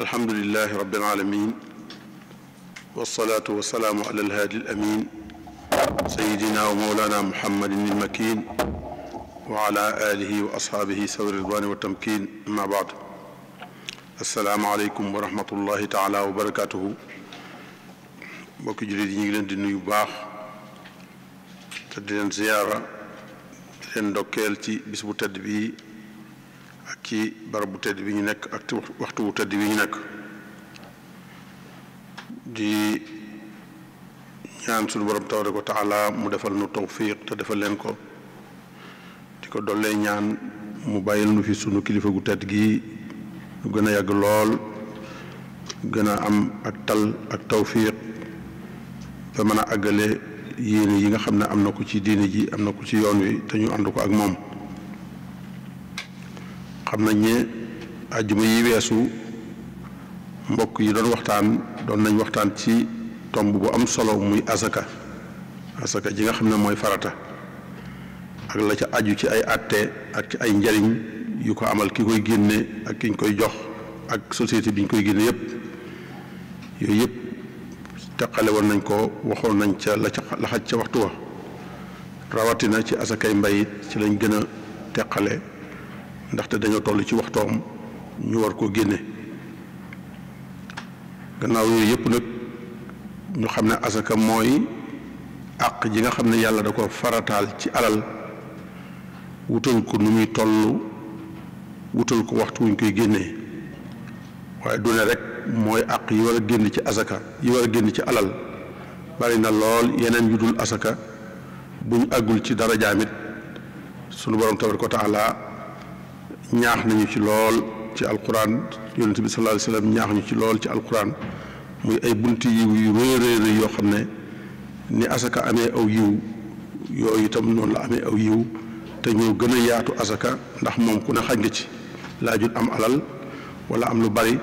alhamdulilahi rabbil aalamiin wasalaatu wasalaamu ala alhaadi alamin سيدنا ومولانا محمد المكين وعلى آله وأصحابه سور الرضوان والتمكين أما بعد السلام عليكم ورحمة الله تعالى وبركاته mbokki jullit yi ñu ngi leen di nuyu baax te di leen ziyaara di leen ndokkeel ci bis bu tedd bi ak ci barab bu tedd bi ñu nekk ak waxtu bu tedd bi ñu nekk di ñaan suñu borom tabaraka wa taala mu defal nu tawfiq te defal leen ko di ko dollee ñaan mu bàyyil nu fi sunu kilifa gu tedd gi nu gën a yàgg lool gën a am ak tal ak tawfiq ba mën a àggale yéene yi nga xam ne am na ko ci diine ji am na ko ci yoon wi te ñu ànd ko ak moom xam na ne àjjuma yi weesu mbokk yi doon waxtaan doon nañ waxtaan ci tomb bu am solo muy asaka asaka ji nga xam ne mooy farata ak la ca aju ci ay atte ak ay njariñ yu ko amal ki koy génne ak ki koy jox ak société bi koy génne yépp yooyu yépp teqale woon nañ ko waxoon nañ ca la ca la ca waxtu wa rawatina ci asakay mbay ci lañ gën a teqale ndaxte dañoo toll ci waxtoom ñu war koo génne gannaaw yooyu yépp nag ñu xam ne asaka mooy àq ji nga xam ne yàlla da ko farataal ci alal wutal ko nu muy toll wutal ko waxtu wuñ koy génnee waaye du ne rek mooy àq yi war a génn ci asaka yi war a génn ci alal bari na lool yeneen yu dul asaka buñ àggul ci dara jaamit sunu borom tabaraka wa taala ñaax nañu ci lool ci alquran yonent bi sallallahu alayhi wa sallam ñaax ñu ci lool ci alquran muy ay bunt yiw yu rëy rëy yoo xam ne ni asaka amee aw yiw yooyu itam noonu la amee aw yiw te ñoo gën a yaatu asaka ndax moom ku ne xaj nga ci laajul am alal wala am lu bari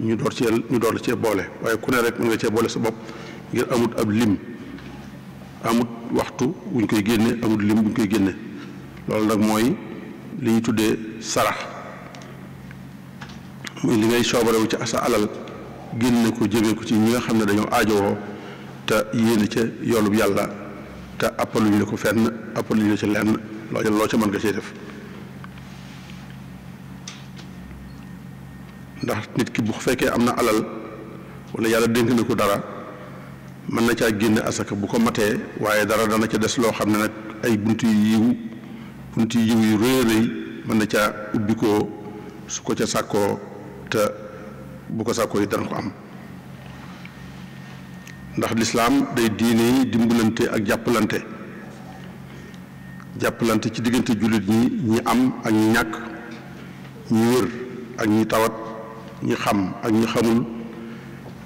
ñu door cee ñu door la cee boole waaye ku ne rek mën nga cee boole sa bopp ngir amut ab lim amut waxtu buñ koy génne amut lim buñ koy génne loolu nag mooy li ñu tuddee sarax muy li ngay soobarewu ci sa alal génne ko jëmee ko ci ñi nga xam ne dañoo aajowoo te yéene ca yoolub yàlla te appaluñu la ko fenn appaluñu la ci lenn loo loo ca mën nga cee def ndax nit ki bu fekkee am na alal wala yàlla dénk na ko dara mën na caa génne asaka bu ko matee waaye dara dana ca des loo xam ne nag ay bunt yu yiw bunt yu yiw yu rëy rëy mën na caa ubbi ko su ko ca sàkkoo te bu ko sàkkoo yi dana ko am ndax lislaam day diine yi dimbalante ak jàppalante jàppalante ci diggante jullit ñi ñi am ak ñi ñàkk ñi wér ak ñi tawat ñi xam ak ñi xamul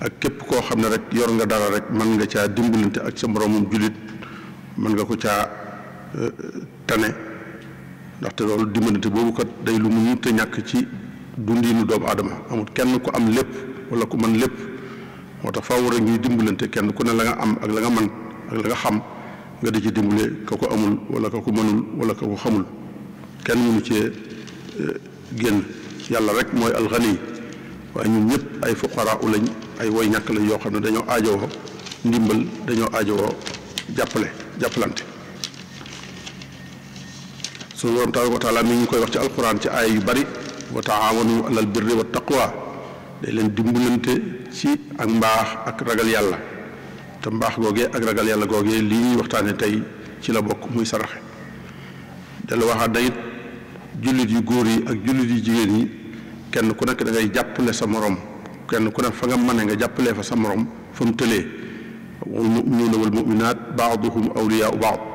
ak képp koo xam ne rek yor nga dara rek mën nga caa dimbalante ak sa moroomum jullit mën nga ko caa euh, tane ndaxte loolu dimbalante boobu kat day lu mu te ñàkk ci nu doomu aadama amul kenn ku am lépp wala ku man lépp moo tax faaw rek ñuy dimbalante kenn ku ne la nga am ak la nga man ak la nga xam nga di ci dimbale ka ko amul wala ka ko mënul wala ka ko xamul kenn mu ci eh, génn yàlla rek mooy alxani waaye ñun ñëpp ay fuqaraa u lañ ay woy ñàkk lañ yoo xam ne dañoo aajowoo ndimbal dañoo aajowoo jàppale jàppalante suñu borom tabaraka wa taala mi ngi koy wax ci alquran ci aaya yu bari wa taawanu alal birri wa taqwa day leen dimbalante ci ak mbaax ak ragal yàlla te mbaax googee ak ragal yàlla googee lii ñuy waxtaane tey ci la bokk muy saraxe dellu waxaat na it jullit yu góor yi ak jullit yu jigéen yi kenn ku nekk dangay ngay jàppale sa morom kenn ku nekk fa nga mën nga jàppalee fa sa morom fa mu tëlee wal muminuuna wal muminaat baaduhum awliyaau baad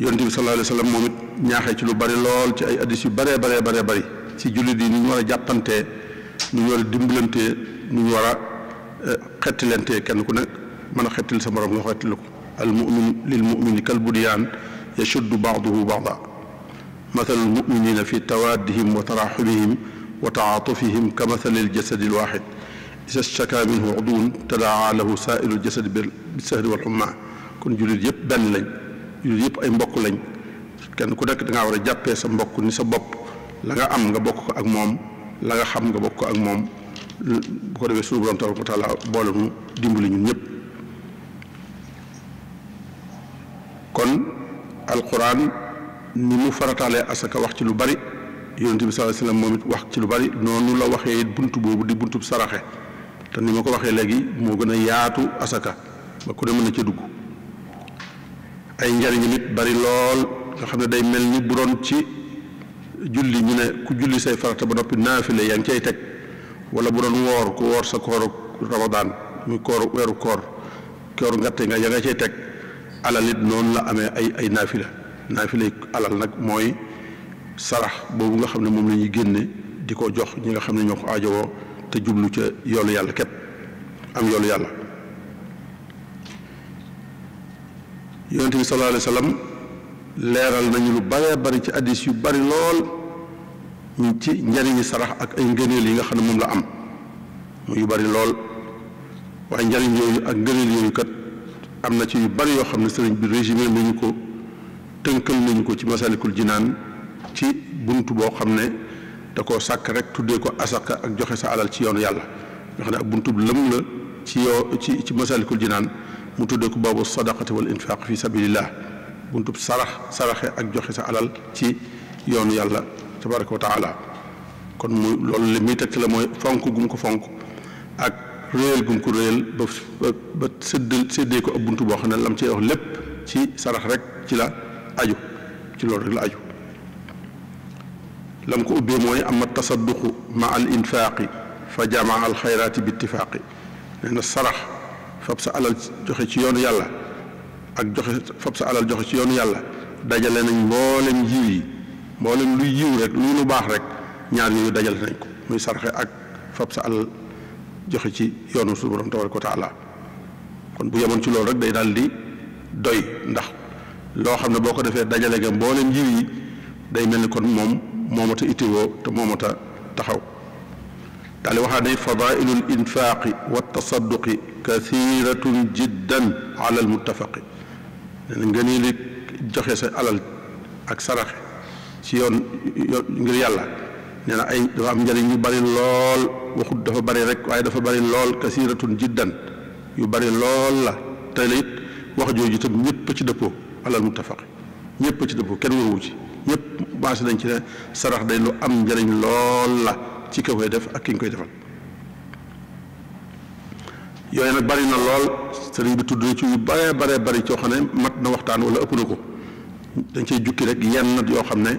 yonent bi sallallahu alayhi wa sallam moom it ñaaxee ci lu bari lool ci ay addis yu baree baree baree bari ci jullit yi ni ñu war a jàppantee nu ñu war a dimbalantee nu ñu eh, kenn ku nekk mën a xettil sa morom nga xettil ko al mumin lil mumini kal budyaan yashuddu baaduhu baada mathalu al muminina fi tawaddihim wa taraxumihim wa taatufihim ka mathali al jasadi al waxid isa shaka minhu udun tadaa lahu saairu al jasadi bi sahri wal xumma kon jullit yëpp benn lañ yooyu yëpp ay mbokk lañ kenn ku nekk da war a jàppee sa mbokk ni sa bopp la nga am nga bokk ko ak moom la nga xam nga bokk ko ak moom bu ko defee suñu borom tabaraka wa taala boole nu dimbali ñun ñëpp kon alquran ni mu farataalee asaka wax ci lu bari yonent bi sallallahu alayhi wasallam moom it wax ci lu bari noonu la waxee bunt boobu di buntub saraxe te ni ma ko waxee léegi moo gën a yaatu asaka ba ku ne mën na ca dugg ay njariñ nit bari lool nga xam ne day mel ni bu doon ci julli ñu ne ku julli say farata ba noppi naafile yaa ngi cay teg wala bu doon woor ku woor sa kooru ramadaan muy kooru weeru koor kooru ngatte nga yaa nga cay teg alal it noonu la amee ay ay naafila naafila alal nag mooy sarax boobu nga xam ne moom lañuy génne di ko jox ñi nga xam ne ñoo ko aajowoo te jublu ca yoolu yàlla képp am yoolu yàlla yonent bi sallallahu alayhi wa leeral nañu lu bare bari ci addis yu bari lool ci njariñi sarax ak ay ngëneel yi nga xam ne moom la am mu yu bari lool waaye njariñ yooyu ak ngëneel yooyu kat am na ci yu bari yoo xam ne sëriñ bi résumé nañu ko tënkal nañu ko ci masalikul jinaan ci bunt boo xam ne da koo sàkk rek tuddee ko asaka ak joxe sa alal ci yoonu yàlla nga xam ne ab buntub lëm la ci yoo ci ci jinaan mu tuddee ko boobu sadaqati wal infaq fi sabilillah buntub sarax saraxe ak joxe sa alal ci yoon yàlla tabaraka wa taala kon mu loolu li muy tekk la mooy fonk gum ko fonk ak réyal gum ko réyal ba ba ko ab bunt boo xam ne lam cee wax lépp ci sarax rek ci la aju ci loolu rek la aju lam ko ubbee mooy am tasadduqu ma al infaaqi fa jamaa al xayraati bi ittifaaqi nee na sarax fab sa alal joxe ci yoonu yàlla ak joxe fab sa alal joxe ci yoonu yàlla dajale nañ mboolem jiw yi mboolem luy jiw rek lu lu baax rek ñaar yooyu dajale nañ ko muy sarxe ak fab sa alal joxe ci yoonu suñu borom tabaraka wa taala kon bu yemoon ci loolu rek day daal di doy ndax loo xam ne boo ko defee dajale ga mboolem jiw yi day mel ni kon moom moomata ittiwoo te moomata taxaw daal di wax ne fadailu linfaaqi waltasadduqi kaciratun jiddan ala almuttafaqi nee na ngeen li joxe sa alal ak saraxe ci yoon ngir yàlla nee na ay dafa am njëriñ yu bari lool waxut dafa bari rek waaye dafa bari lool kaciratun jiddan yu bari lool la tey la wax jooju itam ñëpp ci dëppoo alal muttafaqi ñëpp ci dëppoo kenn waruwu ci ñëpp maase nañ ci ne sarax day lu am njariñ lool la ci ka def ak ki koy defal yooyu nag bari na lool sëriñ bi tudd ci yu baree baree bari coo xam ne mat na waxtaan wala ëpp na ko dañ cay jukki rek yenn nat yoo xam ne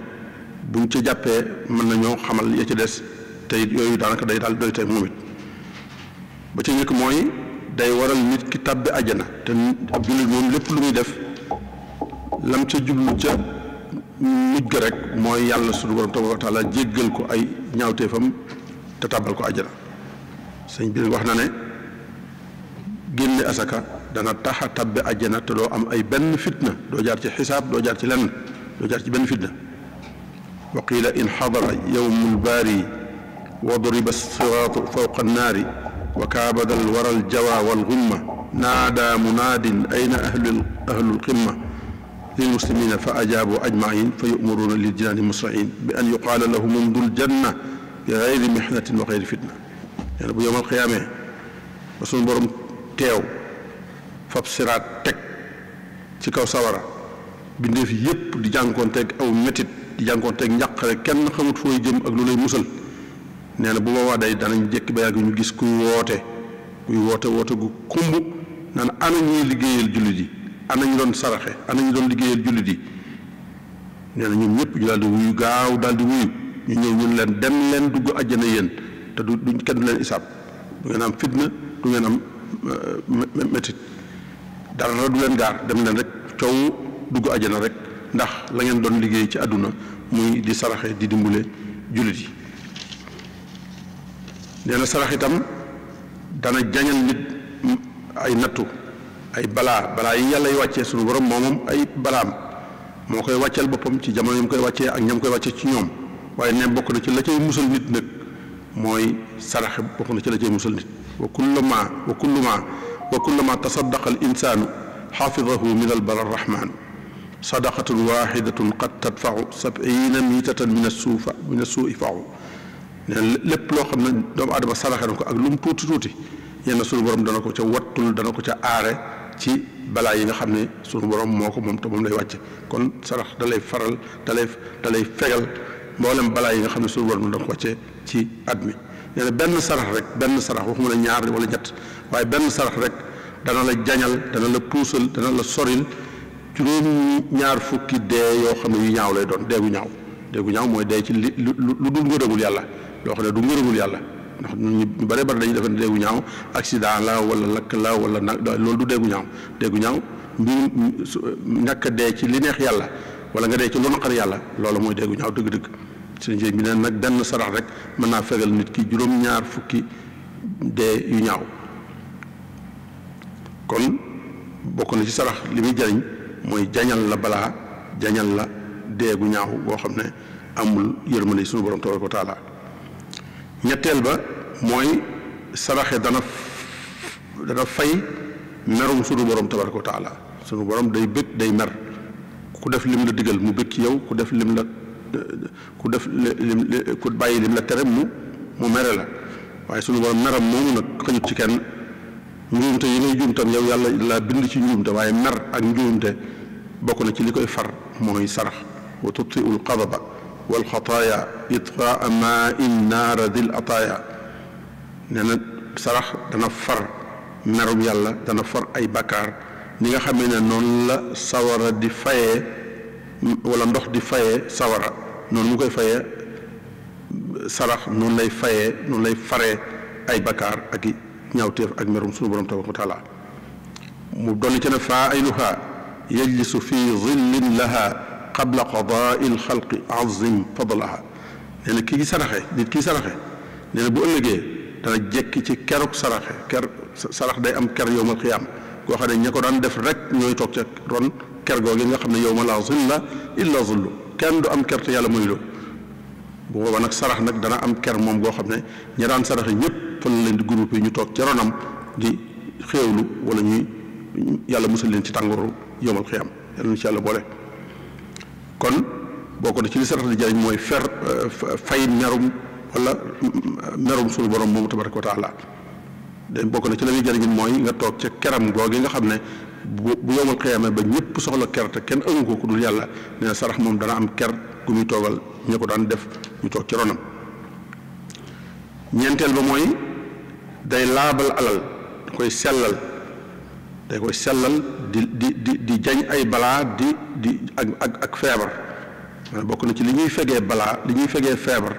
buñ ci jàppee mën nañoo xamal ya ci des tey it yooyu daanaka day daal doy tey moom it ba ca njëkk mooy day waral nit ki tàbbi àjjana te ab jullit moom lépp lu muy def lam ca jublu ca mujj ga rek mooy yàlla suñu borom tabaraka wa ko ay ñaawteefam te tàbbal ko àjjana sëñ bi wax na ne génne asaka dana tax a tabbe àjjana te doo am ay benn fitna doo jaar ci xisaab doo jaar ci lenn doo jaar ci benn fitna wa qiila in xadara yowmu lbaari wa duriba siraatu fawqa annaari wa kaabada alwara aljawa walgumma naada munaadin ayna ahlu ahlu lqimma للمسلمين فأجابوا أجمعين فيؤمرون للجنان مسرعين بأن يقال لهم امضوا الجنة بغير محنة وغير فتنة nee na bu yomal xiyaamee ba suñu borom teew fab siraat teg ci kaw sawara bindeef yépp di jànkoonteeg aw metit di jànkoonteeg njàqare kenn xamut fooy jëm ak lu lay musal nee na bu wax day danañ jékki ba yàgg ñu gis kuy woote kuy woote woote gu kumb naan ana ñuy liggéeyal jullit ana ñu doon saraxe ana ñu doon liggéeyal jullit yi nee na ñoom ñëpp ñu daal wuyu gaaw daal di wuyu ñu ñëw ñun leen dem leen dugg àjjana yéen te du duñ kenn du leen isaab du ngeen am fitna du ngeen am euh, métit dara du leen gaar dem leen rek coow dugg àjjana rek ndax la ngeen doon liggéey ci àdduna muy di saraxe di dimbule jullit yi nee na sarax itam dana jañal nit ay nattu ay balaa balaa yi yàlla y wàccee sunu borom moo moom ay balaam moo koy wàcceel boppam ci jamono yi mu koy wàccee ak ñam koy wàccee ci ñoom waaye ne bokku na ci la cay musal nit nag mooy saraxe bokk na ci la cay musal nit wa kullama wa kullama wa kullama tasaddaqa al insaanu xaafidahu min al bara rahmaan sadaqatun waxidatun qad tadfau sabina miitatan min assuufa min lépp loo xam ne doomu aadama saraxe na ko ak lu mu tuuti tuuti yenn sunu borom dana ko ca wattul dana ko ca aare ci balaa yi nga xam ne suñu borom moo ko moom te moom lay wàcce kon sarax dalay faral da lay da lay fegal mboolem balaa yi nga xam ne suñu borom da ko wàcce ci at mi nee benn sarax rek benn sarax waxuma la ñaar wala ñett waaye benn sarax rek dana la jañal dana la puusal dana la soril juróom ñaar fukki dee yoo xam ne yu ñaaw lay doon dee gu ñaaw dee ñaaw mooy dee ci li lu dul ngërëmul yàlla loo xam ne du ngërëmul yàlla ndax ñu bare bare dañuy defar déggu ñaaw accident la wala lakk la wala nag loolu du déggu ñaaw déggu ñaaw mbirum ñàkk a dee ci li neex yàlla wala nga dee ci lu yàlla loolu mooy déggu ñaaw dëgg-dëgg seen jëy bi neen nag benn sarax rek mën naa fegal nit ki juróom-ñaar fukki dee yu ñaaw kon bokk na ci sarax li muy jariñ mooy jañal la balaa jañal la dee gu ñaaw boo xam ne amul yërmande suñu borom tabaraka wa taala ñetteel ba mooy saraxe dana dana fay merum sunu borom tabaraka wa taala sunu borom day bëgg day mer ku def lim la digal mu bëgg ci yow ku def lim la ku def lim ku bàyyi lim la tere mu mu mere la waaye sunu borom meram moomu nag xajut ci kenn njuumte yi ngay juumtam yow yàlla laa bind ci njuumte waaye mer ak njuumte bokk na ci li koy far mooy sarax wa tuttiul qadaba walxataaya itfaa ma in naara dil ataaya nee na sarax dana far merum yàlla dana far ay bakkaar ni nga xamee ne noonu la sawara di fayee wala ndox di fayee sawara noonu mu koy fayee sarax noonu lay fayee noonu lay fare ay bakkaar ak i ñaawteef ak merum sunu borom tabaraka mu dolli ci ne faa aynuha fi zillin laha qabla qadaai lxalqi azim fadlaha nee na kii saraxe nit kii saraxe nee bu ëllëgee dana jekki ci keruk saraxe ker sarax day am ker yowmal xiyaam koo xam ne ña ko daan def rek ñooy toog ca ron ker googu nga xam ne yowma laa zilla illa zullu kenn du am ker yàlla moyuloo bu boobaa nag nag dana am ker moom goo xam ne ña daan saraxe ñëpp fa la leen di groupe ñu toog ca ronam di xéewlu wala ñuy yàlla musal leen ci tàngooru yowmal xiyaam yàlla na ci yàlla boole kon bokk na ci li sarax di jëriñ mooy fer euh, fay merum wala mm, merum suñu borom moomu tabaraka wa taala da bokk na ci la muy jëriñ mooy nga toog ca keram googi nga xam ne bu bu yowmal xiyaama ba ñëpp soxla ker te kenn ëngu ko ku dul yàlla nee na sarax moom dana am ker ku muy toogal ña ko daan def ñu toog ci ronam ñeenteel ba mooy day laabal alal da koy sellal day koy sellal di di di di jañ ay balaa di di ak ak feebar man bokk na ci li ñuy fegee balaa li ñuy fegee feebar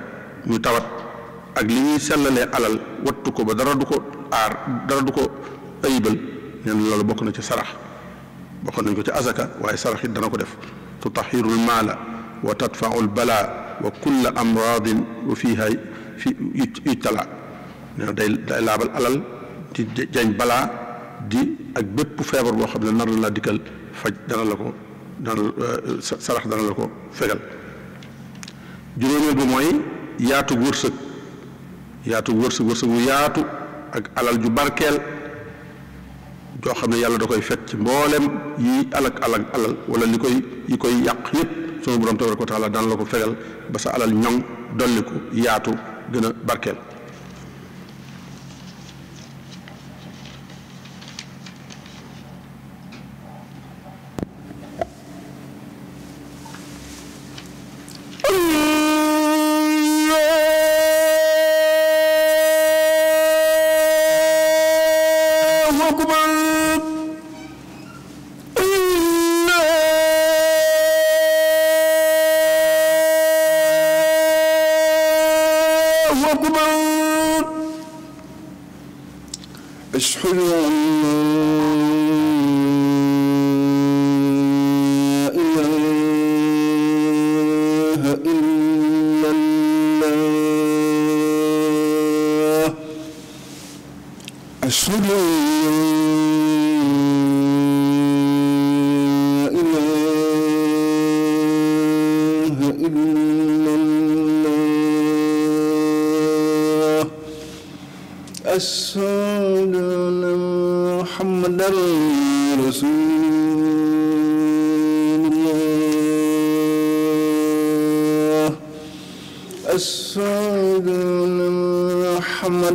ñu tawat ak li ñuy sellalee alal wattu ko ba dara du ko aar dara du ko ayibal neen loolu bokk na ci sarax bokk nañ ko ci asaka waaye sarax it dana ko def tutahiru lmaala wa tadfau lbala wa kulla amradin wa fiha fi yujtala nee day day laabal alal di jañ balaa di ak bépp feebar boo xam ne nar la laa dikkal faj dana la ko dana euh, sarax dana la ko fegal juróomeel bi mooy yaatu wërsëg yaatu wërsëg wërsëg yaatu ak alal ju barkeel joo xam ne yàlla da koy fekk ci mboolem yi alak alak alal wala li koy yi koy yàq yépp sunu borom tabaraka wa taala daan la ko fegal ba sa alal ñoŋ dolliku yaatu gën a barkeel حكما اشهدوا أن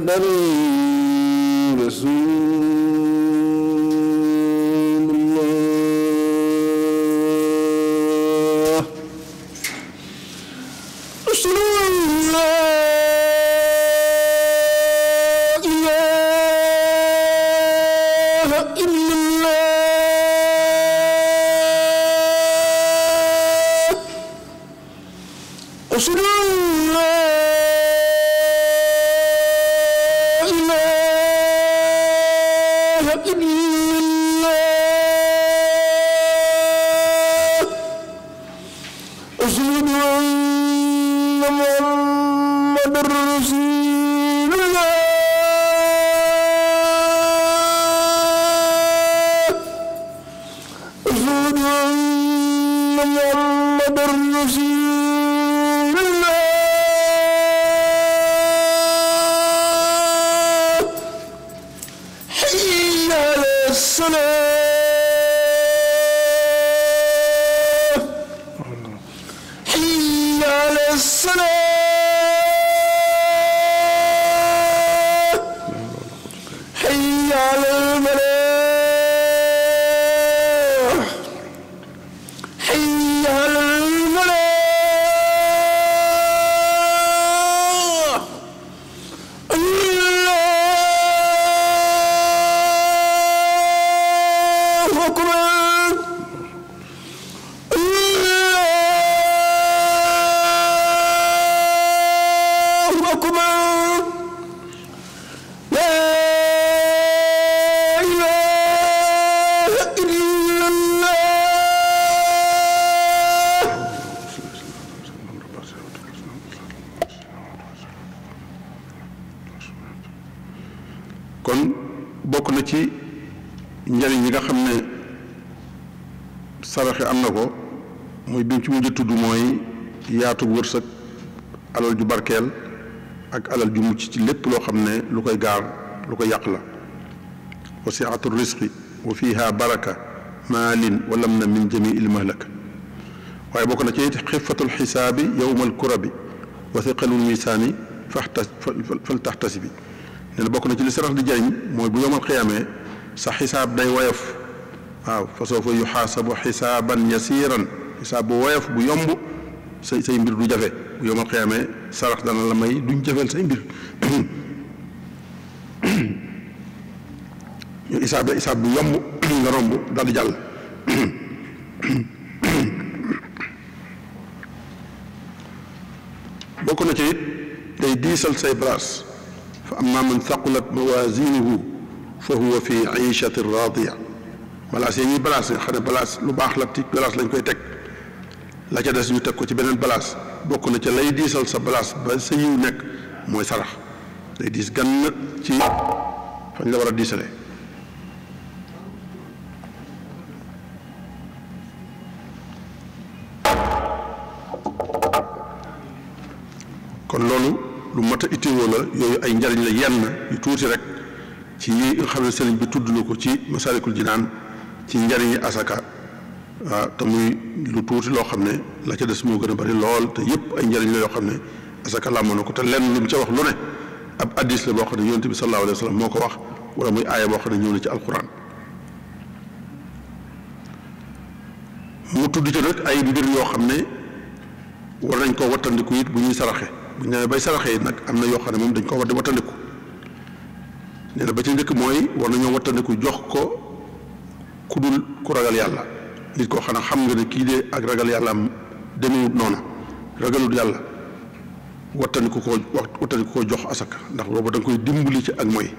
very bonjour. yaatu wërsëg alal ju barkeel ak alal ju mucc ci lépp loo xam ne lu koy gaar lu koy yàq la wasiatu risqi wa fiha baraka maalin wa lam na min jamii il mahlak waaye bokk na ci it xifatul xisaabi yowmal kurabi wa thiqalul misaani fal taxtasi bi nee na bokk na ci li sarax di jëriñ mooy bu yowmal xiyaamee sa xisaab day woyof waaw fa soo fa yuxaasabu xisaaban yasiiran xisaab bu woyof bu yomb say say mbir du jafe bu yomal xiyaamee sarax la duñ jafeel say mbir isaab la isaab bu yomb nga romb daal di jàll bokk na ci it day diisal say braas fa amma man thaqulat mawazinuhu fa huwa fi aishatin radia balaas yi ñuy balaas nga xam lu baax la ci balaas lañ koy teg la ca des ñu teg ko ci beneen place bokk na ca lay diisal sa balaas ba sa nekk mooy sarax day diis gann ci fañ la war a diisale kon loolu lu mat a la yooyu ay njariñ la yenn yu tuuti rek ci yi nga xam ne sëriñ bi tudd na ko ci masalikul jinaan ci njariñi asaka waaw ah, te muy lu tuuti loo xam ne la ca des moo gën a bari lool te yëpp ay njëriñ la yoo xam ne asaka làmb na ko te lenn lu mu ca wax lu ne ab addis la boo xam ne yonent bi sallallahu alayhi wa sallam moo ko wax wala muy aaya boo xam ne ñëw na ci alquran mu tudd ay mbir yoo xam ne war nañ koo wattandiku it bu ñuy saraxe bu ñu bay saraxe it nag am na yoo xam ne moom dañ koo war di wattandiku nee na ba ci njëkk mooy war nañoo wattandiku jox ko ku dul ku ragal yàlla nit koo xam nga ne kii de ak ragal yàlla am demewut noona ragalut yàlla wattaniku ko wattaniku ko jox asaka ndax boobu da nga koy dimbali ci ak mooy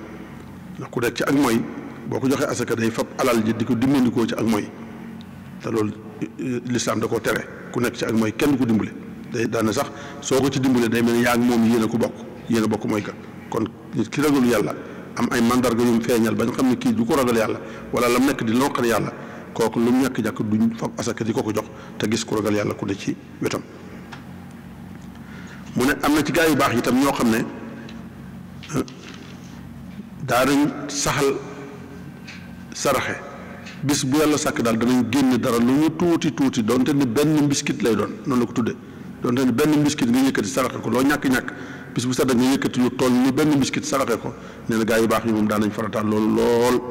ndax ku nekk ci ak mooy boo ko joxee asaka day fab alal di ko dimbandikoo ci ak mooy te loolu eh, lislaam da koo tere ku nekk ci ak mooy kenn ku dimbali day daane sax soo ko ci dimbali day mel ne yaa ak moom yéen a ko bokk yéen a bokk mooy kon nit ki ragalu yàlla am ay mandarga yu mu feeñal bañ xam ne kii du ko ragal yàlla wala mu nekk di lonqal yàlla kooku lu mu ñàkk-jàkk duñ fab asaka di ko ko jox te gis ku yàlla ku ne ci wetam mu ne am na ci yu baax itam ñoo xam ne euh, daa dañ saxal saraxe bis bu yàlla daal danañ génn dara lu ñu tuuti tuuti donte ni benn mbiskit lay doon noonu la ko tudde donte ni benn mbiskit nga yëkkati saraxe ko loo ñàkk-ñàkk bis bu sedda nga yëkkati lu toll ni benn mbiskit saraxe ko nee na gaa yu baax yi moom daanañ farataal loolu lool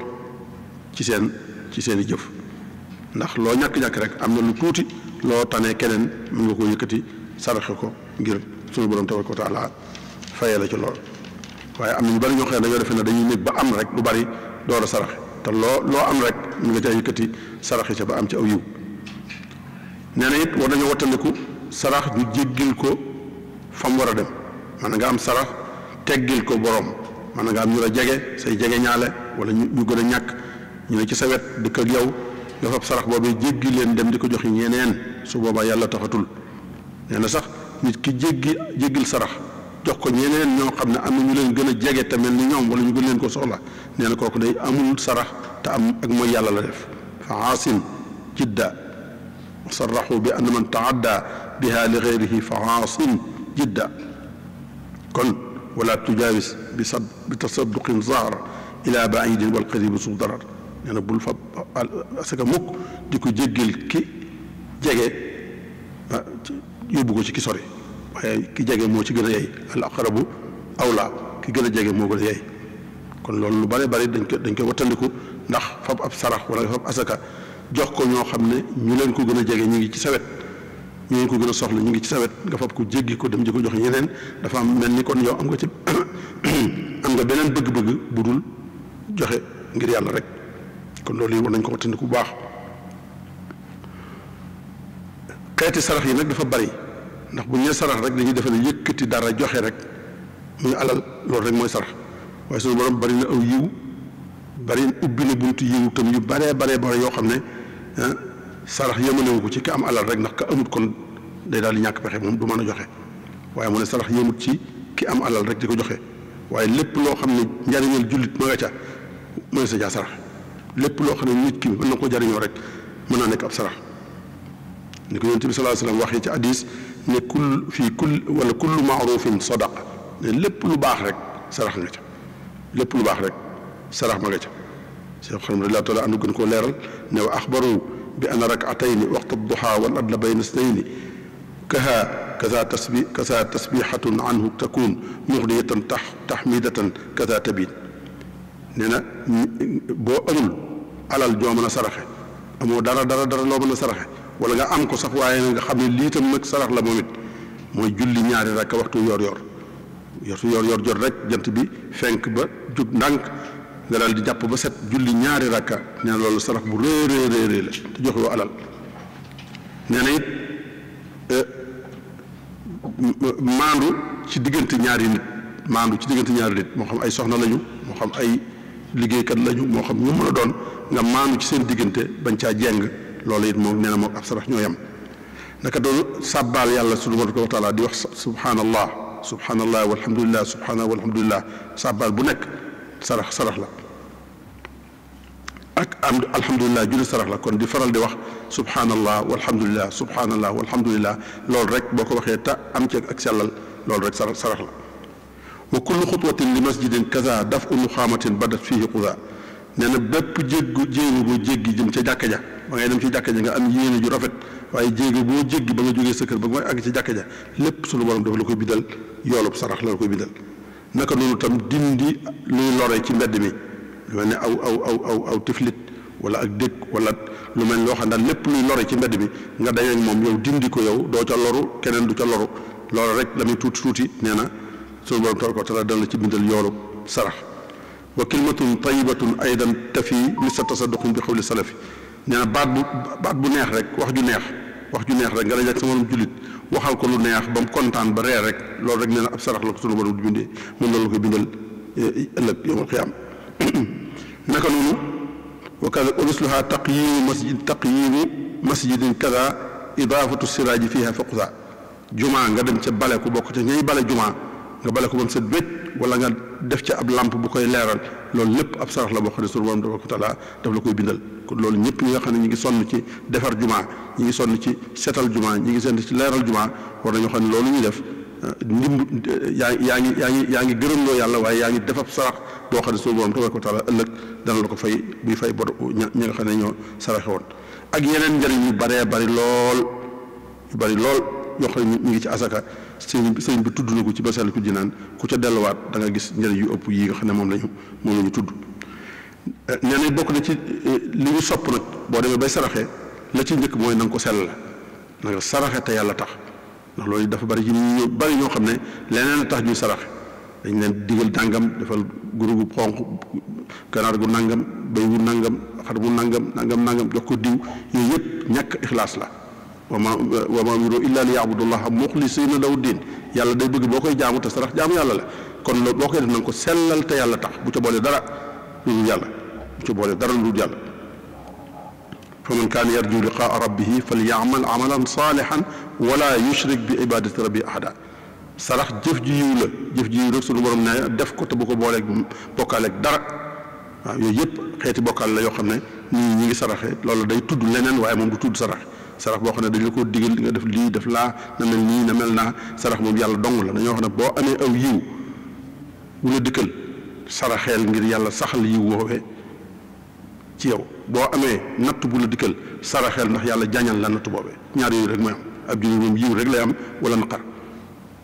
ci seen ci seeni jëf ndax loo ñàkk-ñàkk rek am na lu tuuti loo tane keneen mën nga ko yëkkati saraxe ko ngir suñu borom tabaraka wa taala fayee la ci lool waaye am na ñu bari ñoo xam ne dañoo defe ne dañuy nekk ba am rek lu bari door a saraxe te loo loo am rek mën nga caa yëkkati saraxe ca ba am ci aw yiw nee na it war nañoo wattandiku sarax ñu jéggil ko fa war a dem man nga am sarax teggil ko borom man nga am ñu la jege say jege ñaale wala ñu gën a ñàkk ñu ci sa wet dëkk yow nga fab sarax boobee jéggi leen dem di ko joxi ñeneen su boobaa yàlla taxatul nee na sax nit ki jéggi jéggil sarax jox ko ñeneen ñoo xam ne am na ñu leen gën a jege te mel ni ñoom wala ñu gën leen ko soxla nee na kooku day amul sarax te am ak mooy yàlla la def fa aasin jidda sarraxu bi ann man taadda biha li geyrihi fa aasin jidda kon wala tujaawis bi sad bi tasadduqin zahar ila baidin bi su darar nee na bul fab asaka mukk di ko jéggal ki jege ah, yóbbu ko ci ki sori waaye ki jege moo ci gën a yey al aqrabu awla ki gën a jege moo gën a yey kon loolu lu bare bari dañ ko dañ koy wattandiku ndax fab ab sarax wala nga fab asaka jox ko ñoo xam ne ñu leen ko gën a jege ñu ngi ci sawet ñu leen ko gën a soxla ñu ngi ci sawet nga fab ko jéggi ko dem ji ko jox dafa am mel ni kon yow am nga ci am nga beneen bëgg-bëgg bu dul joxe ngir yàlla rek kon loolu yi war nañ ko wattandiku bu baax xeeti sarax yi nag dafa bari ndax bu ñu nee sarax rek dañuy defe ne yëkkati dara joxe rek muy alal loolu rek mooy sarax waaye suñu borom bari na aw yiw bari ubbi na bunt yiw tam yu baree baree bare yoo xam ne ah, sarax yëmalewu ko ci ka am alal rek ndax ka amut kon daal di ñàkk pexe moom du mën a joxe waaye mu ne sarax yëmut ci ki am alal rek di ko joxe waaye lépp loo xam ne njariñal jullit ma nga ca mooy sa jaa sarax lépp loo xam ne nit ki mën na ko jariñoo rek mën naa nekk ab sarax ni ko yonent bi sallallahu alayhi wasallam waxee ci hadis ne kull fii kull wala kullu maarufin sadaqa ne lépp lu baax rek sarax nga ca lépp lu baax rek sarax ma nga ca cheikh xam radiyallahu taala anhu gën koo leeral ne wa axbaru bi anna rakatayni waqta duha wal adla bayna snayni kaha kaza tasbi kaza tasbihatun anhu takun muxdiyatan tax taxmidatan kaza tabin nee na boo amul alal joo mën a saraxe amoo dara dara dara loo mën a saraxe wala nga am ko sax waaye nga xam ne lii tam nag sarax la moom it mooy julli ñaari rek waxtu yor-yor waxtu yor-yor jot rek jant bi fenk ba jub ndànk nga daal di jàpp ba set julli ñaari rakka nee na loolu sarax bu rëy rëy rëy la te joxewoo alal nee na it eh, maandu ci diggante ñaari nit maandu ci diggante ñaari nit moo xam ay soxna lañu moo xam ay liggéeykat lañu moo xam a doon nga maanu ci seen diggante bañ caa jeng loolu it moom nee na mook ab sarax ñoo yem naka doon sàbbaal yàlla subhaanahu wa taala di wax subhaanallah subhaanallah walhamdulillah subhaanallah walhamdulillah sàbbaal bu nekk sarax sarax la ak am alhamdulilah julli sarax la kon di faral di wax subhanallah walhamdulilah subhanallah walhamdulilah loolu rek boo ko waxee ta am ci ak sellal loolu rek sarax sarax la wa kullu xutwatin li masjidin kaza daf unu xaamatin badat fihi quza nee na bépp jéggu jéego boo jéggi jëm ca jàkka ja ba ngay dem ci jàkka nga am yéene ju rafet waaye jéego boo jéggi ba nga jógee sa kër ba nga àgg ci jàkka ja lépp sunu borom dafa la koy bindal yoolub sarax la la koy bindal naka noonu tam dindi luy lore ci mbedd mi lu mel ne aw aw aw aw tiflit wala ak dëkk wala lu mel loo xam daal lépp luy lore ci mbedd mi nga dajeeg moom yow dindi ko yow doo ca loru keneen du ca loru loolu rek la muy tuuti tuuti nee na suñu borom tabaraka wa taala dana la ci bindal yoolu sarax wa kalimatun tayibatun aydan tafi misa tasadduqin bi xawli salafi nee na baat bu baat bu neex rek wax ju neex wax ju neex rek nga dajeeg sa morom jullit waxal ko lu neex ba kontaan ba reer rek loolu rek nee na ab sarax la ko suñu borom di bindee moom loolu la koy bindal eh, ëllëg yawmal qiyaam naka noonu wa kaza rusluha taqyimu masjid taqyimu masjidin kaza idaafatu siraaji fiha faqza jumaa nga dem ca bale ku bokk ca ñay bale nga bale ko ba mu set bëj wala nga def ca ab làmp bu koy leeral loolu lépp ab sarax la boo xam ne sunu borom tabaraka taala daf la koy bindal kon loolu ñëpp ñi nga xam ngi sonn ci defar jumaa ñi ngi sonn ci setal jumaa ñi ngi sonn ci leeral jumaa war nañoo xam ne loolu ñuy def ah, ndimb yaa yaa ngi yaa yaa ngi gërëm loo yàlla waaye yaa ngi def ab sarax boo xam ne sunu borom tabaraka taala ëllëg dana la ko fay buy fay bor ña ñi nga xam ne ñoo saraxe ak yeneen njëriñ yu baree bari lool bari lool yoo xam ne ñu ngi ci asaka sëriñ bi sëriñ bi tudd na ko ci Masaalikul Jinaan ku ca delluwaat da gis njëriñ yu ëpp yi nga xam ne moom lañu moom la ñu tudd nee nañ bokk na ci li ñu sopp nag boo demee bay saraxee la ci njëkk mooy na ko sell na nga saraxe te yàlla tax ndax loolu dafa bari ci nit bari ñoo xam ne leneen a tax ñuy saraxe dañ leen digal nàngam defal guru gu xonq ganaar gu nàngam béy gu nàngam xar gu nàngam nàngam nàngam jox ko diw yooyu yëpp ñàkk ixlaas la wa ma wa ma umiru illa li yaabudullaha muxlisina lahu diin yàlla day bëgg boo koy jaamu te sarax jaamu yàlla la kon loolu boo koy def na nga ko sellal te yàlla tax bu ca boole dara lu dul yàlla bu ca boole dara lu dul yàlla fa man kaana yarju liqaa rabbihi falyamal amalan saalihan wala yushrik bi ibadati rabbihi ahada sarax jëf ji yiw la jëf ji yiw rek sunu borom ne def ko te bu ko booleeg bokkaaleeg dara waaw yooyu yëpp xeeti bokkaal la yoo xam ne ñii ñi ngi saraxe loolu day tudd leneen waaye moom du tudd saraxe sarax boo xam ne dañ la ko digal nga def lii def laa na mel nii na mel naa sarax moom yàlla dong la dañoo wax ne boo amee aw yiw bu la dikkal saraxeel ngir yàlla saxal yiw woowee ci yow boo amee natt bu la dikkal saraxeel ndax yàlla jañal la natt boobee ñaar yooyu rek mooy am ab jullit yiw rek lay am wala naqar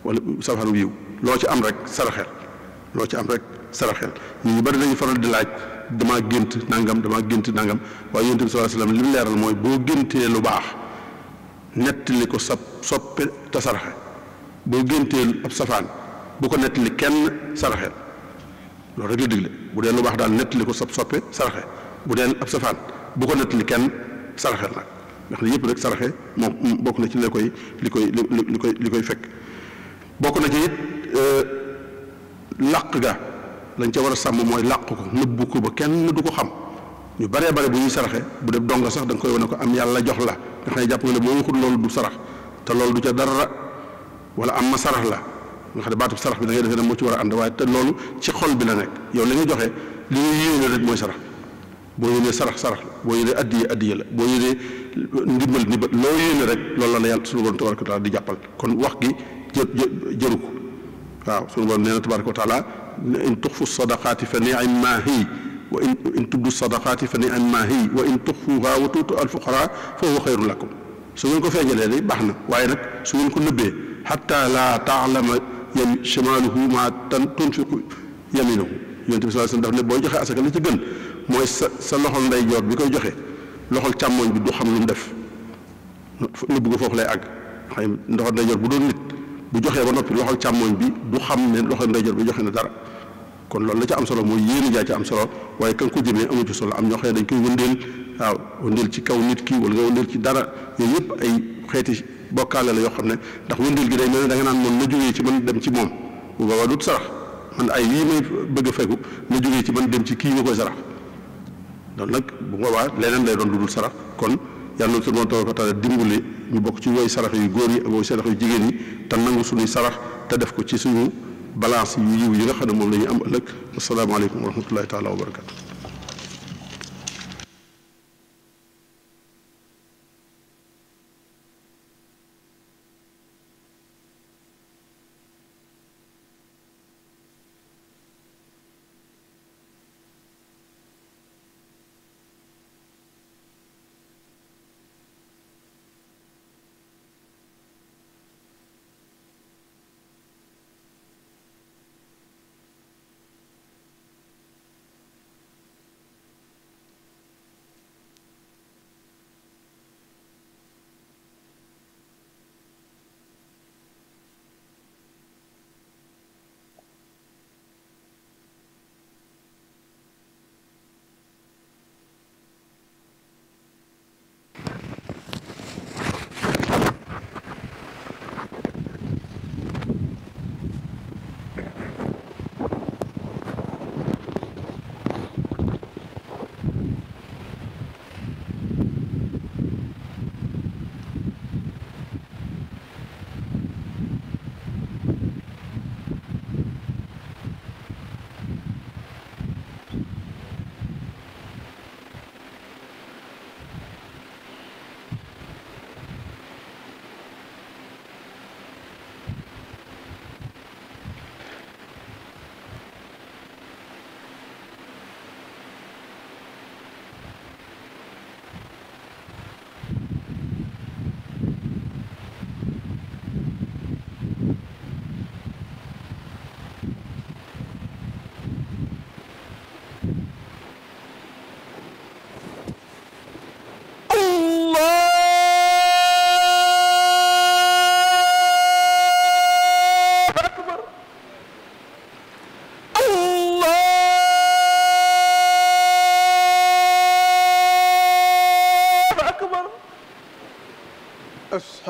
wala safaanu yiw loo ci am rek saraxeel loo ci am rek saraxeel ñu bari nañu faral di laaj damaa gént nangam damaa gént nangam waaye yonent bi sallallahu alayhi wasallam li mu leeral mooy boo géntee lu baax nettali ko sab soppe te saraxe boo géntee ab safaan bu ko nettali kenn saraxe loolu rek la digle bu dee lu baax daal nettali ko sa soppe saraxe bu dee ab safaan bu ko nettali kenn saraxe nag yëpp rek saraxe moom bokk na ci li koy li koy li koy li koy fekk bokk na ci it euh, làq ga lañ ca war a sàmm mooy làq ko nëbbu ko ba kenn du ko xam ñu bare bare bu ñuy saraxe bu def donga sax da koy wane ko am yàlla jox la nga xam ne jàpp nga ne boo waxul loolu du sarax te loolu du ca dara wala am ma sarax la nga xam ne baatub sarax bi da ngay ne moo ci war a ànd waaye te loolu ci xol bi la nekk yow li nga joxe li nga mooy sarax boo yéenee sarax sarax la boo yéenee addiye addiye la boo yéenee ndimbal ndimbal loo yéene rek loolu la la yàlla suñu borom tabaraka wa di jàppal kon wax gi jë jëru ko waaw suñu borom nee na tabaraka wa taala in tuxfu sadaqaati fa ni'am maa hiya wa in tubdu sadaqaati fa ni'am maa hiya wa in tuxfuuhaa wa tuutu al-fuqaraa fa huwa xayrun lakum su ngeen ko feeñalee day baax na waaye nag su ngeen ko nëbbee xatta laa ta'lama yam shimaaluhu maa tunfiqu yamiinuhu Yonent bi sallallaahu alayhi wa sallam daf ne booy joxe asaka li ci gën mooy sa sa loxol ndeyjoor bi koy joxe loxol càmmoñ bi du xam lu mu def nëbb ko foofu lay àgg xëy loxol ndeyjoor bu doon nit bu joxee ba noppi loxol càmmoñ bi du xam ne loxol ndeyjoor bi joxe na dara. kon loolu la ci am solo mooy yéene jaa ci am solo waaye kan ko jëmee amu ci solo am ñoo xam ne dañ koy wëndeel waaw wëndeel ci kaw nit ki wala nga wëndeel ci dara yooyu yëpp ay xeeti bokkaale la yoo xam ne ndax wëndeel gi day mel ne da nga naan moom na jógee ci man dem ci moom bu boobaa dut sarax man ay lii may bëgg a fegu na jógee ci man dem ci kii nga koy sarax loolu nag bu boobaa leneen lay doon lu dul sarax kon yàlla na subhaanahu wa taala dimbali ñu bokk ci woy sarax yu góor yi ak woy sarax jigéen yi te nangu suñuy sarax te def ko ci suñu balance yu yiw yi nga xam ne moom la ñuy am ëllëg asalaamaaleykum wa rahmatullahi taala wa barakatu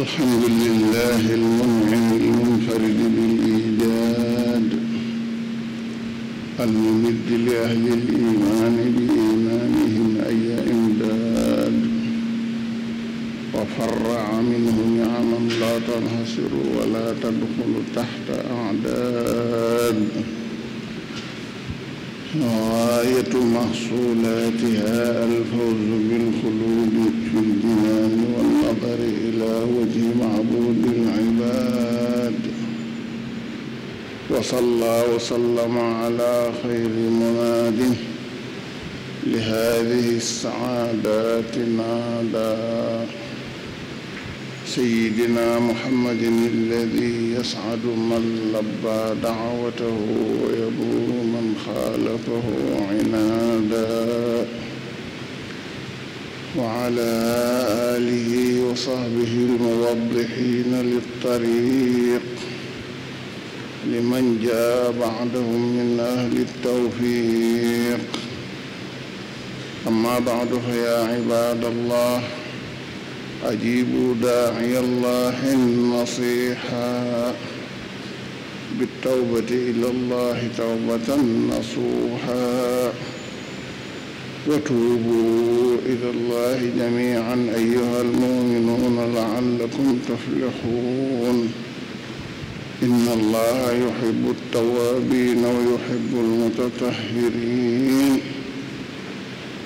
الحمد لله المنعم المنفرد بالإيجاد الممد لأهل الإيمان بإيمانهم أي إمداد وفرع منه نعما لا تنحصر ولا تدخل تحت أعداد غاية محصولاتها الفوز بالخلود في الجنان والنظر إلى وجه معبود العباد وصلى وسلم على خير مناد لهذه السعادات ناداه سيدنا محمد الذي يسعد من لبى دعوته ويبور من خالفه عنادا وعلى آله وصحبه الموضحين للطريق لمن جاء بعدهم من أهل التوفيق أما بعد فيا عباد الله أجيبوا داعي الله النصيحا بالتوبة إلى الله توبة نصوحا وتوبوا إلى الله جميعا أيها المؤمنون لعلكم تفلحون إن الله يحب التوابين ويحب المتطهرين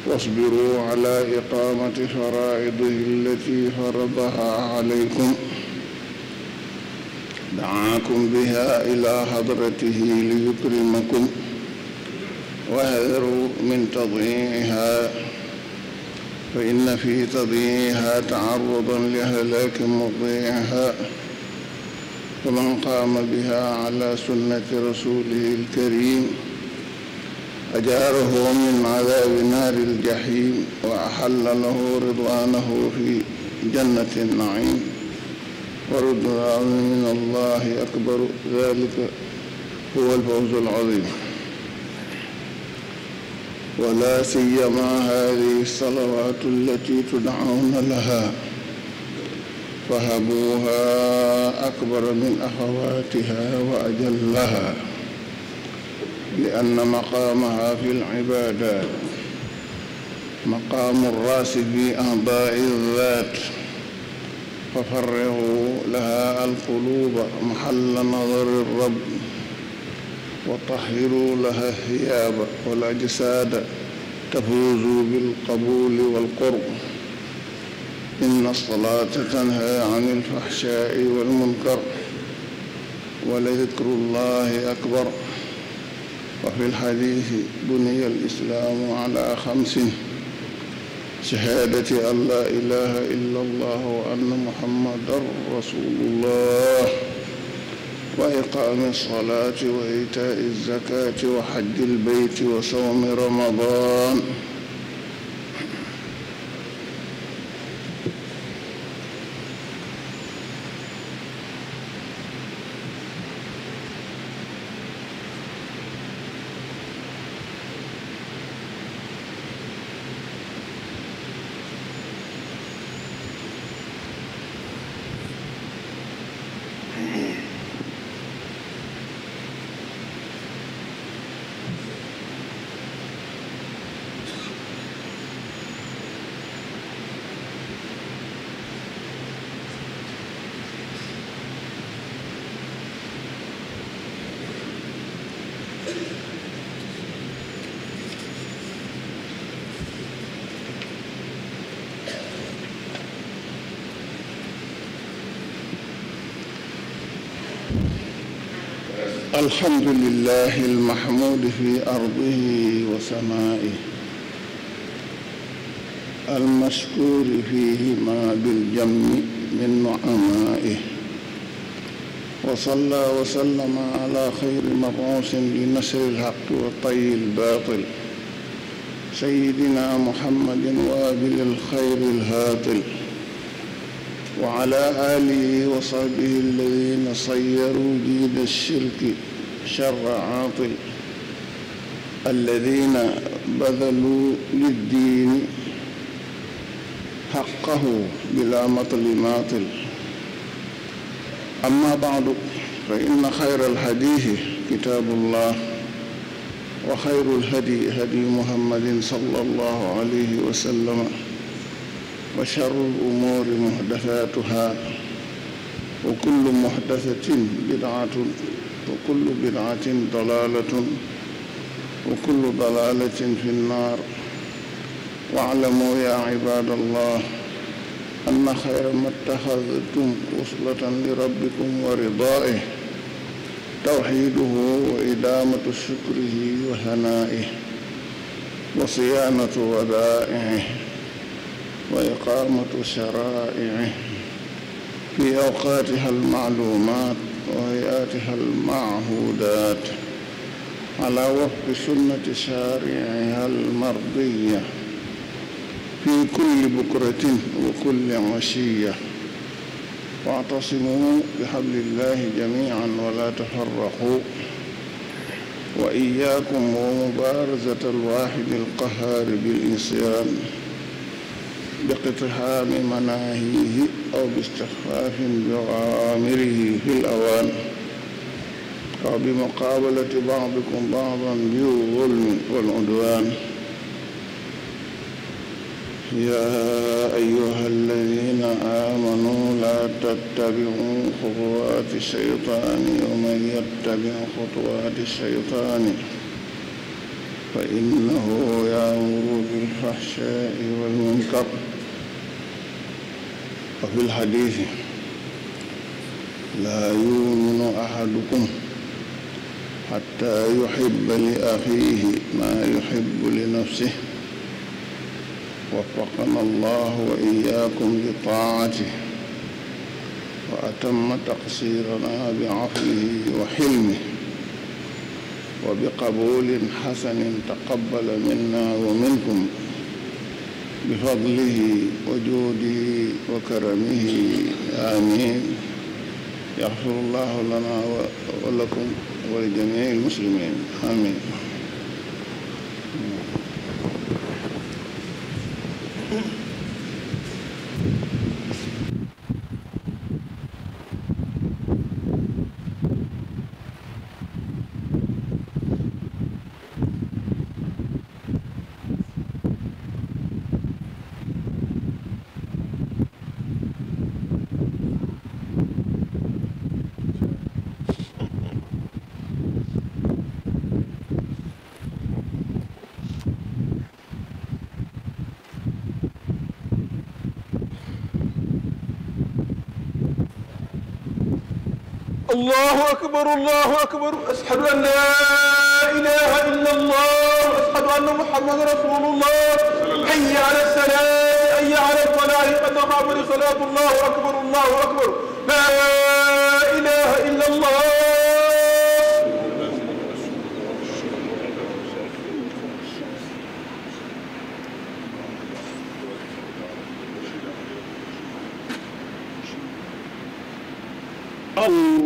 واصبروا على إقامة فرائضه التي فرضها عليكم دعاكم بها إلى حضرته ليكرمكم واحذروا من تضييعها فإن في تضييعها تعرضا لهلاك مضيعها فمن قام بها على سنة رسوله الكريم أجاره من عذاب نار الجحيم وأحل له رضوانه في جنة النعيم ورضوان من الله أكبر ذلك هو الفوز العظيم ولا سيما هذه الصلوات التي تدعون لها فهبوها أكبر من أخواتها وأجلها لأن مقامها في العبادات مقام الراس بأعضاء الذات ففرغوا لها القلوب محل نظر الرب وطهروا لها الثياب والأجساد تفوزوا بالقبول والقرب إن الصلاة تنهى عن الفحشاء والمنكر ولذكر الله أكبر وفي الحديث بني الإسلام على خمس شهادة أن لا إله إلا الله وأن محمدا رسول الله وإقام الصلاة وإيتاء الزكاة وحج البيت وصوم رمضان الحمد لله المحمود في أرضه وسمائه المشكور فيهما بالجم من نعمائه وصلى وسلم على خير مبعوث لنشر الحق وطي الباطل سيدنا محمد وابل الخير الهاطل وعلى آله وصحبه الذين صيروا جيد الشرك شر عاطل الذين بذلوا للدين حقه بلا مطل ماطل أما بعد فإن خير الحديث كتاب الله وخير الهدي هدي محمد صلى الله عليه وسلم وشر الأمور محدثاتها وكل محدثة بدعة وكل بدعة ضلالة وكل ضلالة في النار واعلموا يا عباد الله أن خير ما اتخذتم وصلة لربكم ورضائه توحيده وإدامة شكره وهنائه وصيانة ودائعه وإقامة شرائعه في أوقاتها المعلومات وهيئاتها المعهودات على وفق سنة شارعها المرضية في كل بكرة وكل عشية واعتصموا بحبل الله جميعا ولا تفرقوا وإياكم ومبارزة الواحد القهار بالإنسان باقتحام مناهيه أو باستخفاف بغامره في الأوان أو بمقابلة بعضكم بعضا بالظلم والعدوان يا أيها الذين آمنوا لا تتبعوا خطوات الشيطان ومن يتبع خطوات الشيطان فإنه يأمر بالفحشاء والمنكر وفي الحديث لا يؤمن أحدكم حتى يحب لأخيه ما يحب لنفسه وفقنا الله وإياكم لطاعته وأتم تقصيرنا بعفوه وحلمه وبقبول حسن تقبل منا ومنكم بفضله وجوده وكرمه آمين يغفر الله لنا ولكم ولجميع المسلمين آمين Thank you. allahu akbar allahu akbar ashhadu an la ilaha illa allah ashhadu anna muhammadan rasulullah hayya ala salam hayya ala falah qad qaamat salaatu allahu akbar allahu akbar la ilaha illa allah Allah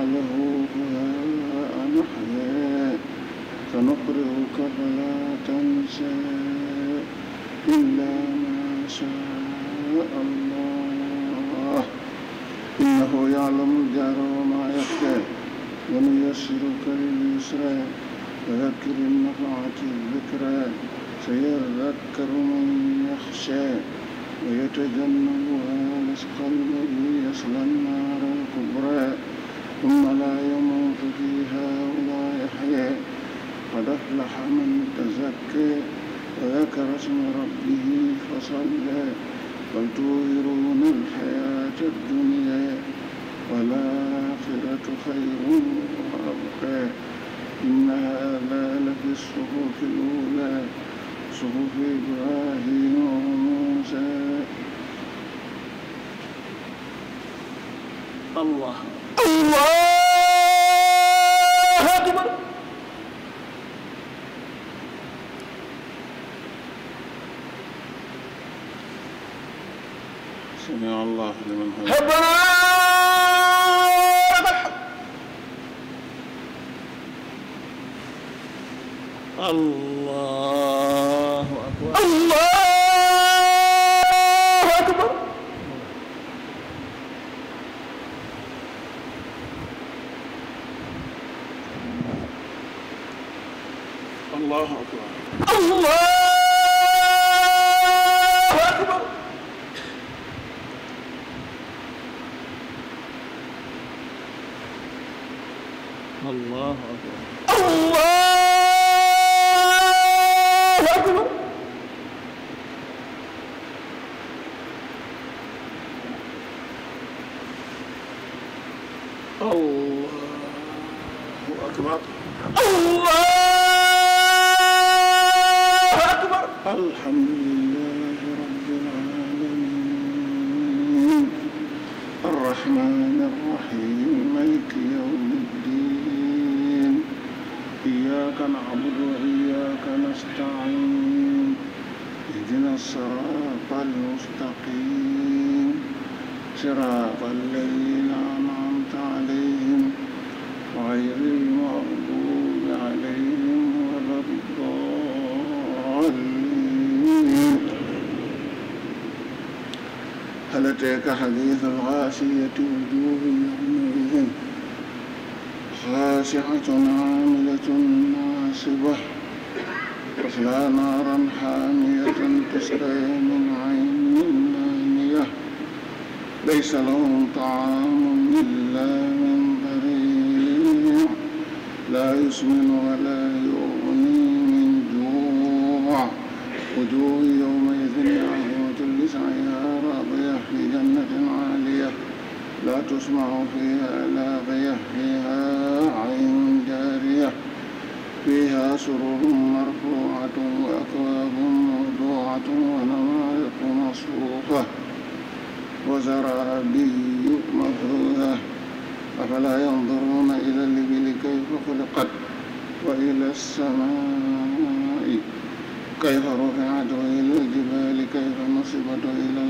يعلم ونحيا سنقرئك فلا تنسى إلا ما شاء الله إنه يعلم الجهر وما يخفى ونيسرك لليسرى وذكر النفعة الذكرى سيذكر من يخشى ويتجنبها الذي يصلى النار الكبرى ثم لا يموت فيها ولا يحيا قد أفلح من تزكى وذكر اسم ربه فصلى بل تؤثرون الحياة الدنيا والآخرة خير وأبقى إن هذا لفي الصحف الأولى صحف إبراهيم وموسى الله allahu akbar sami allah liman hamida الله كحديث الغاشية وجوه يومئذ خاشعة عاملة ناصبة تصلى نارا حامية تسقى من عين آنية ليس لهم طعام إلا من ضريع لا يسمن ولا يغني من جوع وجوه تسمع فيها لاغية فيها عين جارية فيها سرر مرفوعة وأكواب موضوعة ونمارق مصفوفة وزرابي مبثوثة أفلا ينظرون إلى الإبل كيف خلقت وإلى السماء كيف رفعت وإلى الجبال كيف نصبت وإلى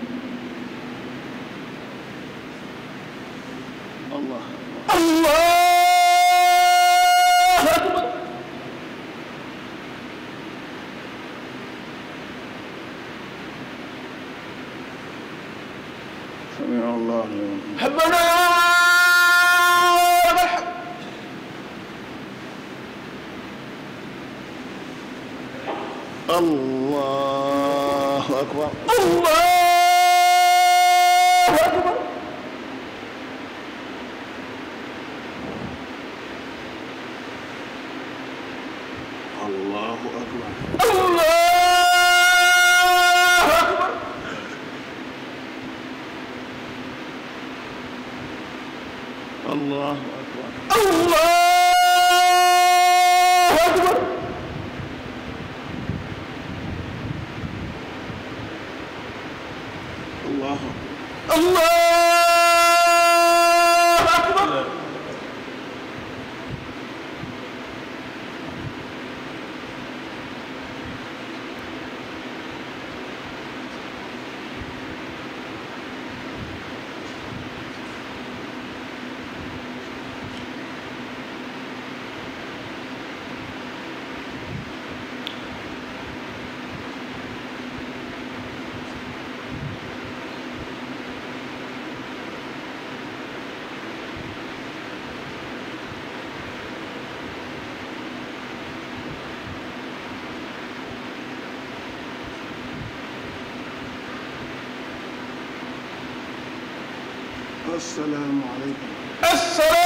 assalaamu aleykum